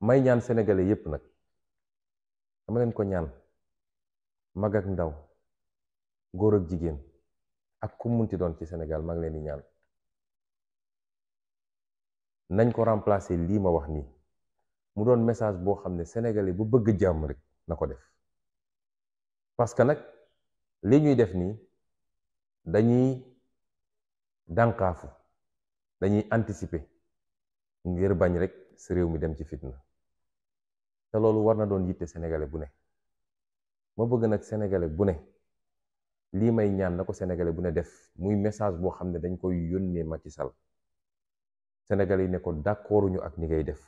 may ñaan sénégalais yépp nag dama leen ko ñaan mag ak ndaw góor ak jigéen ak ku munti doon ci senegal maa leen di ñaan nañ ko remplacer lii ma wax nii mu doon message boo xam ne sénégalais bu bëgg jàmm rek na ko def parce que nag li ñuy def nii dañuy dànkaafu dañuy anticiper ngir bañ rek sa réew mi dem ci fitna. te loolu war na doon yitte sénégalais bu ne ma bëgg nag sénégalais bu ne lii may ñaan na ko sénégalais bu ne def muy message boo xam ne dañ koy yónnee Macky Sall sénégalais yi ne ko d'accorduñu ak ni ngay def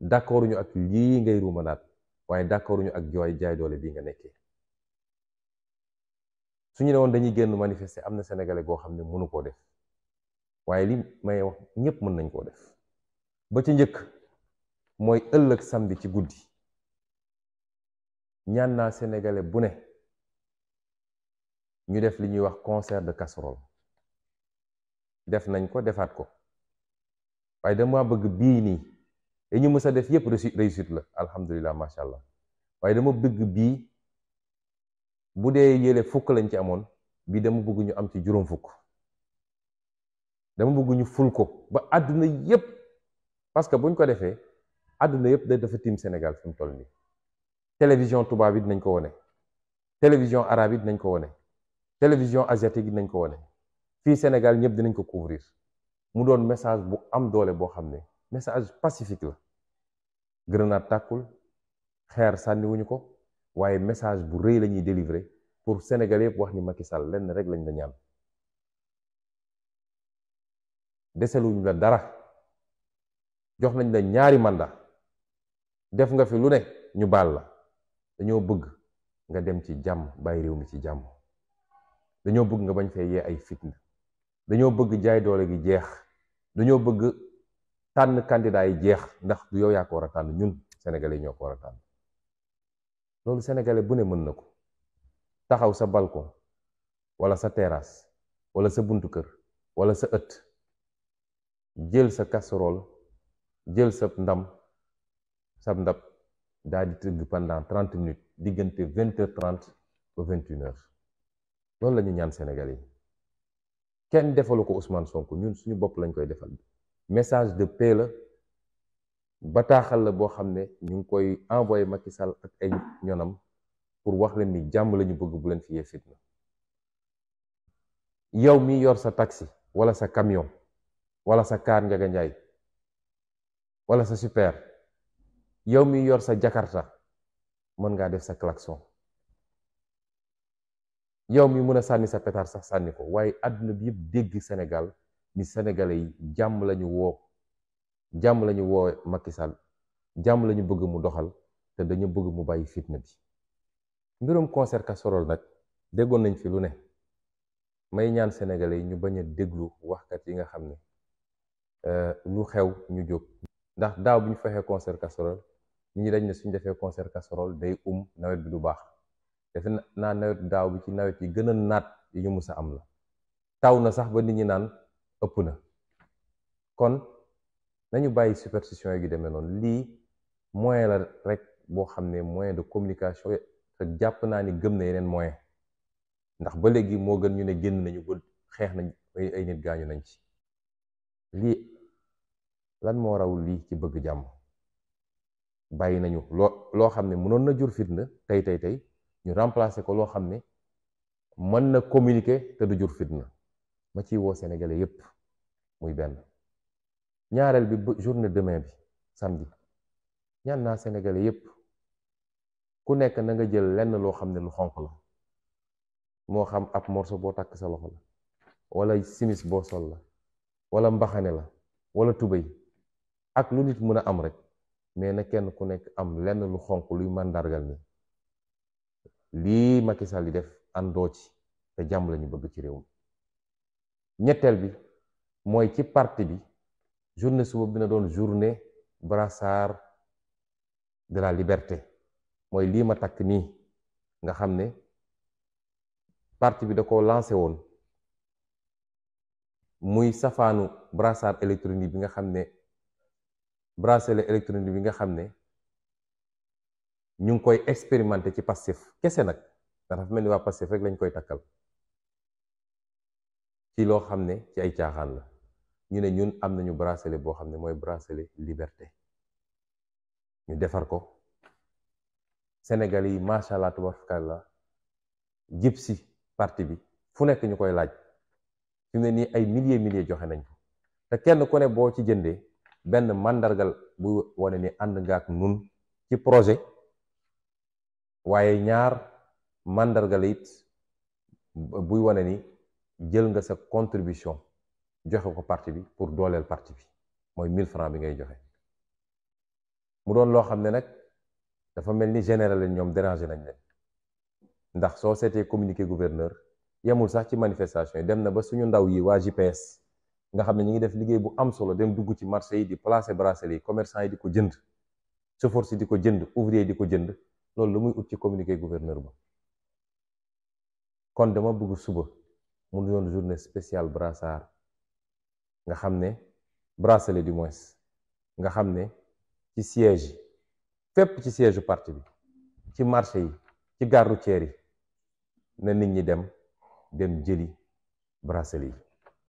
d'accorduñu ak lii ngay ruumanaat waaye d'accorduñu ak jiwaay jaay doole bii nga nekkee su ñu ne woon dañuy génn manifester am na sénégalais boo xam ne mënu koo def waaye li may wax ñépp mën nañ koo def ba ci njëkk mooy ëllëg samedi ci guddi ñaan naa sénégalais bu ne ñu def li ñuy wax concert de casserole def nañ ko defaat ko waaye dama bëgg bii nii yi ñu mës a def yépp réussite la alhamdulilah macha allah waaye dama bëgg bii bu dee yële fukk lañ ci amoon bii dama bëgg ñu am ci juróom fukk dama bëgg ñu ful ko ba àdduna yépp parce que buñ ko defee àdduna yëpp da dafa tiim Sénégal fi mu toll nii télévision tubaab yi dinañ ko wone télévision arabe yi dinañ ko wone télévision asiatique yi dinañ ko wone fii Sénégal ñëpp dinañ ko couvrir mu doon message bu am doole boo xam ne message pacifique la grenade tàkkul xeer sànniwuñu ko waaye message bu rëy la ñuy délivrer pour Sénégal yëpp wax ni Macky Sall lenn rek lañ la ñaan deseluñu la dara jox nañ la ñaari mandat def nga fi lu ne ñu baal la dañoo bëgg nga dem ci jàmm bàyyi réew mi ci jàmm dañoo bëgg nga bañ fee yee ay fitna dañoo bëgg jaay doole gi jeex dañoo bëgg tànn candidat yi jeex ndax du yow yaa ko war a tànn ñun sénégalais ñoo ko war a tànn loolu sénégalais bu ne mën na ko taxaw sa balcon wala sa teraas walla sa buntu kër wala sa ëtt jël sa kastrol jël sa ndam sab ndab daal di tëgg pendant trente minutes diggante vingt heures trente ba loolu la ñu ñaan Sénégal yi kenn defalu ko Ousmane Sonko ñun suñu bopp lañ koy defal message de paix la bataaxal la boo xam ne ñu ngi koy envoyé Macky Sall ak ay ñoonam pour wax leen ni jàmm la ñu bëgg bu leen fi fitna yow mii yor sa taxi wala sa camion wala sa kaar njaganjaay wala sa super yow mi yor sa jakarta mën ngaa def sa klaxon yow mi mën a sànni sa pétard sax sànni ko waaye àdduna bi yëpp dégg senegal ni sénégalais yi jàmm lañu woo jàmm lañu woo Macky Sall jàmm lañu bëgg mu doxal te dañu bëgg mu bàyyi fitna bi mbirum concert casserole nag déggoon nañ fi lu ne may ñaan sénégalais yi ñu bañ a déglu waxkat yi nga xam ne euh, lu xew ñu jóg ndax daaw bu ñu fexee concert casserole nit ñi dañ ne suñ defee concert casserole day um nawet bi du baax defe naa nawet daaw bi ci nawet yi gën a naat yi ñu mus a am la taw na sax ba nit ñi naan ëpp na kon nañu bàyyi superstition yi gi demee noonu lii moyen la rek boo xam ne moyen de communication te jàpp naa ni gëm na yeneen moyen ndax ba léegi moo gën ñu ne génn nañu ba xeex nañ ay nit gaañu nañ ci lii lan moo raw lii ci bëgg jàmm bàyyi nañu loo loo xam ne mënoon na jur fitna tey tey tey ñu remplacer ko loo xam ne mën na communiquer te du jur fitna ma ci woo sénégalais yépp muy benn ñaareel bi journée demain bi samedi ñaan naa sénégalais yépp ku nekk na nga jël lenn loo xam ne lu xonq la moo xam ab morceau boo takk sa loxo la wala simis boo sol la wala mbaxane la wala tubéy ak lu nit mën a am rek mais na kenn ku nekk am lenn lu xonq luy màndargal ni lii Macky Sall yi def àndoo ci te jàmm lañu bëgg ci réew mi ñetteel bi mooy ci parti bi journée suba bi na doon journée brassard de liberté mooy lii ma takk nii nga xam ne parti bi da ko lancé woon muy safaanu brassard électronique bi nga xam ne bracelet électronique bi nga xam ne ñu ngi koy expérimenter ci Pastef kese nag ndax dafa mel ni waa Pastef rek lañ koy takkal ci loo xam ne ci ay caaxaan la ñu ne ñun am nañu bracelet boo xam ne mooy bracelet liberté ñu defar ko Sénégal yi macha allah tabarakallah jib si parti bi fu nekk ñu koy laaj fi ne nii ay milliers milliers joxe nañ ko te kenn ku ne boo ci jëndee. benn màndargal buy wane ni ànd nga ak nun ci projet waaye ñaar màndargal it buy wane ni jël nga sa contribution joxe ko parti bi pour dooleel parti bi mooy mille francs bi ngay joxe mu doon loo xam ne nag dafa mel ni général leen ñoom dérangé nañ leen ndax soo seetee communiqué gouverneur yemul sax ci manifestation yi dem na ba suñu ndaw yi waa GPS nga xam ne ñu ngi def liggéey bu am solo dem dugg ci marché yi di placer bracelet yi commerçant yi di ko jënd chauffeur si di ko jënd ouvrier di ko jënd loolu la muy ut ci communiqué gouverneur ba kon dama bëgg suba mu doon journée spéciale brassard nga xam ne bracelet du moins nga xam ne ci siège yi fépp ci siège parti bi ci marché yi ci gare routière yi na nit ñi dem dem jëli bracelet yi